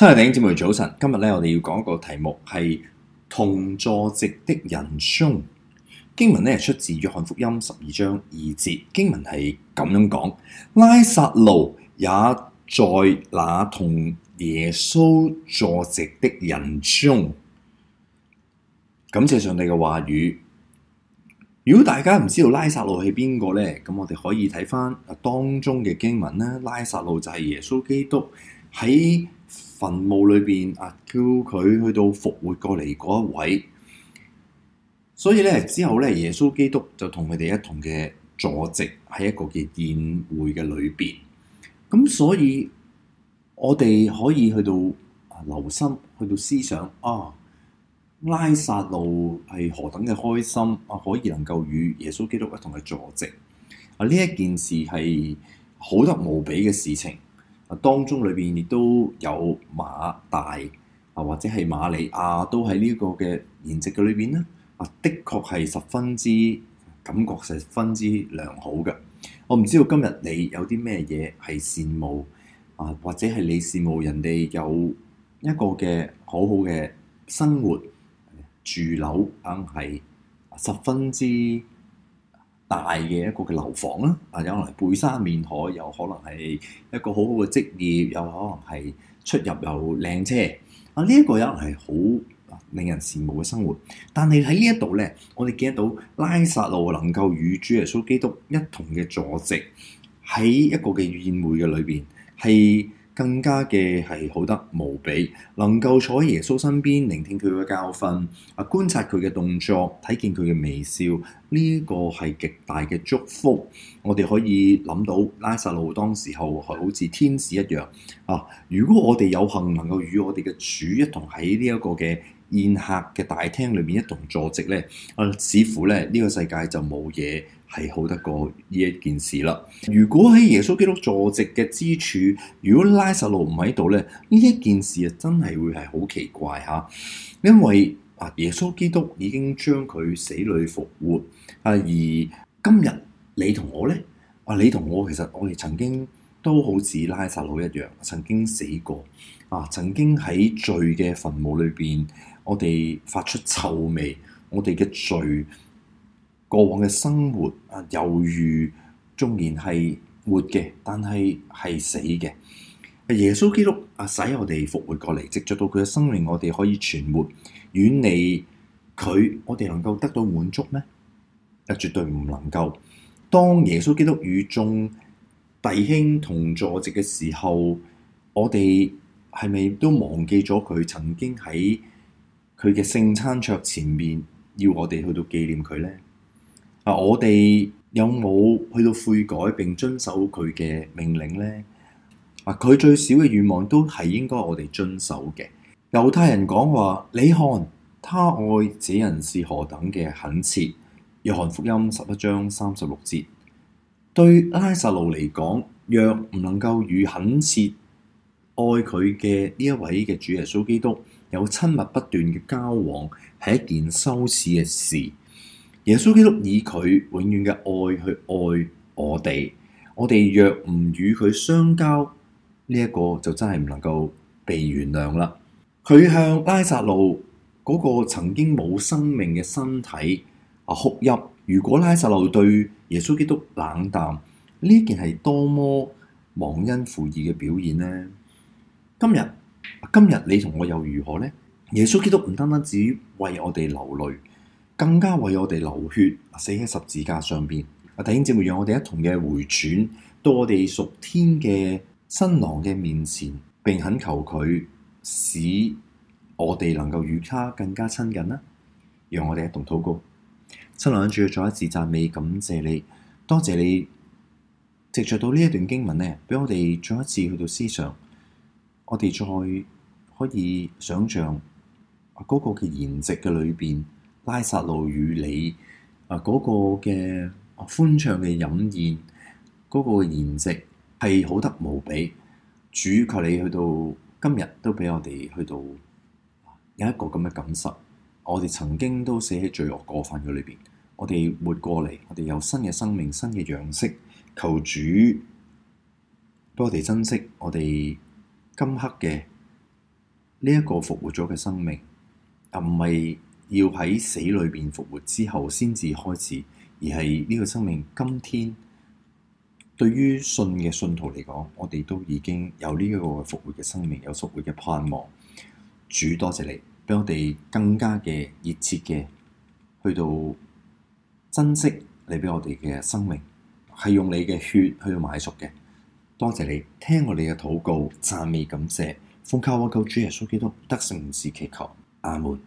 親愛的姐妹早晨，今日咧我哋要講一個題目係同坐席的人中經文咧，出自約翰福音十二章二節，經文係咁樣講：拉撒路也在那同耶穌坐席的人中。感謝上帝嘅話語。如果大家唔知道拉撒路係邊個咧，咁我哋可以睇返當中嘅經文啦。拉撒路就係耶穌基督喺。墳墓裏邊啊，叫佢去到復活過嚟嗰一位，所以咧之後咧，耶穌基督就同佢哋一同嘅坐席喺一個嘅宴會嘅裏邊。咁所以我哋可以去到留心，去到思想啊，拉撒路係何等嘅開心啊，可以能夠與耶穌基督一同去坐席啊，呢一件事係好得無比嘅事情。啊，當中裏面亦都有馬大啊，或者係馬利亞都喺呢個嘅筵席嘅裏邊咧，的確係十分之感覺，係十分之良好嘅。我唔知道今日你有啲咩嘢係羨慕啊，或者係你羨慕人哋有一個嘅好好嘅生活住樓，硬係十分之。大嘅一個嘅樓房啦，啊，有可能背山面海，有可能係一個好好嘅職業，有可能係出入又靚車，啊，呢一個有可能係好令人羨慕嘅生活。但係喺呢一度咧，我哋見到拉撒路能夠與主耶穌基督一同嘅坐席，喺一個嘅宴會嘅裏邊係。更加嘅係好得無比，能夠坐喺耶穌身邊聆聽佢嘅教訓，啊觀察佢嘅動作，睇見佢嘅微笑，呢一個係極大嘅祝福。我哋可以諗到拉撒路當時候係好似天使一樣啊！如果我哋有幸能夠與我哋嘅主一同喺呢一個嘅宴客嘅大廳裏面一同坐席咧，啊，似乎咧呢個世界就冇嘢。係好得過呢一件事啦。如果喺耶穌基督坐席嘅之處，如果拉撒路唔喺度咧，呢一件事啊真係會係好奇怪嚇。因為啊，耶穌基督已經將佢死裡復活啊，而今日你同我呢？啊，你同我其實我哋曾經都好似拉撒路一樣，曾經死過啊，曾經喺罪嘅墳墓裏邊，我哋發出臭味，我哋嘅罪。過往嘅生活啊，猶如縱然係活嘅，但係係死嘅。耶穌基督啊，使我哋復活過嚟，藉著到佢嘅生命我，我哋可以存活。遠離佢，我哋能夠得到滿足咩？啊，絕對唔能夠。當耶穌基督與眾弟兄同坐席嘅時候，我哋係咪都忘記咗佢曾經喺佢嘅聖餐桌前面要我哋去到紀念佢咧？我哋有冇去到悔改並遵守佢嘅命令呢？嗱，佢最少嘅願望都係應該我哋遵守嘅。猶太人講話，你看他愛這人是何等嘅懇切。約翰福音十一章三十六節。對拉撒路嚟講，若唔能夠與懇切愛佢嘅呢一位嘅主耶穌基督有親密不斷嘅交往，係一件羞恥嘅事。耶穌基督以佢永遠嘅愛去愛我哋，我哋若唔與佢相交，呢一個就真係唔能夠被原諒啦。佢向拉撒路嗰個曾經冇生命嘅身體啊哭泣。如果拉撒路對耶穌基督冷淡，呢件係多麼忘恩負義嘅表現呢？今日今日你同我又如何呢？耶穌基督唔單單只為我哋流淚。更加為我哋流血，死喺十字架上邊。阿弟兄姊妹，讓我哋一同嘅回轉到我哋屬天嘅新郎嘅面前，並懇求佢使我哋能夠與他更加親近啦。讓我哋一同禱告。新郎，我要再一次讚美感謝你，多謝你。藉著到呢一段經文咧，俾我哋再一次去到思想，我哋再可以想象嗰個嘅筵席嘅裏邊。拉薩路與你啊，嗰、那個嘅、啊、歡唱嘅飲宴，嗰、那個筵席係好得無比。主求你去到今日，都俾我哋去到有一個咁嘅感受。我哋曾經都死喺罪惡過犯嘅裏邊，我哋活過嚟，我哋有新嘅生命、新嘅樣式。求主俾我哋珍惜我哋今刻嘅呢一個復活咗嘅生命，唔、啊、係。要喺死裏邊復活之後先至開始，而係呢個生命。今天對於信嘅信徒嚟講，我哋都已經有呢一個復活嘅生命，有復活嘅盼望。主多謝你，俾我哋更加嘅熱切嘅去到珍惜你俾我哋嘅生命，係用你嘅血去到買贖嘅。多謝你，聽我哋嘅禱告，贊美感謝，奉靠我救主耶穌基督，得勝是祈求。阿門。